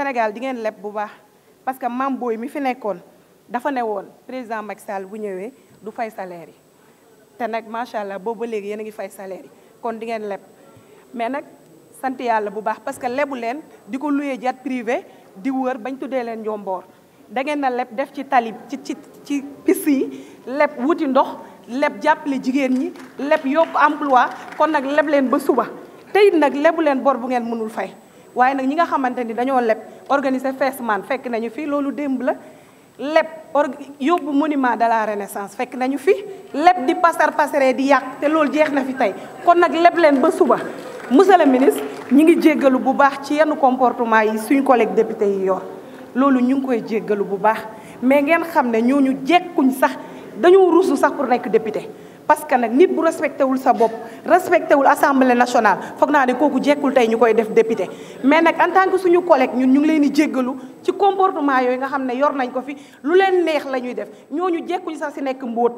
Sénégal di ngeen leb bu baax parce que Mame Boy mi fi nekkoon dafa ne président Macky Sall bu ñëwé du fay salaire yi nak ma sha allah boobu ba léegi ngi fay salaire yi kon di ngeen leb mais nak sant Yalla bu baax parce que lebu leen di ko luyee jet privé di wër bañ tuddee len ñombor da ngeen na leb def ci talib ci ci ci pisi yi leb wuti ndox leb jàppale jigéen ñi leb yok emploi kon nag leb leen ba suba te nak nag lebu bor bu ngeen mënul fay waye nag ñi nga xamanteni dañoo leb organiser fees man fekk nañu fi loolu démb la leb or yóbbu monument de la renaissance fekk nañu fi leb di pasar pasare di yàq te loolu jeex na fi tey kon nag leb leen ba suba monsieur le ministre ñi ngi jéggalu bu baax ci yenn comportement yi suñ collègue député yi yoon loolu ñu ngi koy jéggalu bu baax mais ngeen xam ne ñooñu jekkuñ sax dañoo rusu sax pour nekk député parce que nag nit bu respecté wul sa bopp respecté wul assemblée nationale foog naa ne kooku jekkul tey ñu koy def député mais nag en tant que suñu collègue ñun ñu ngi leen di jéggalu ci comportement yooyu nga xam ne yor nañ ko fi lu leen neex la ñuy def ñooñu jekkuñu sax si nekk mbóot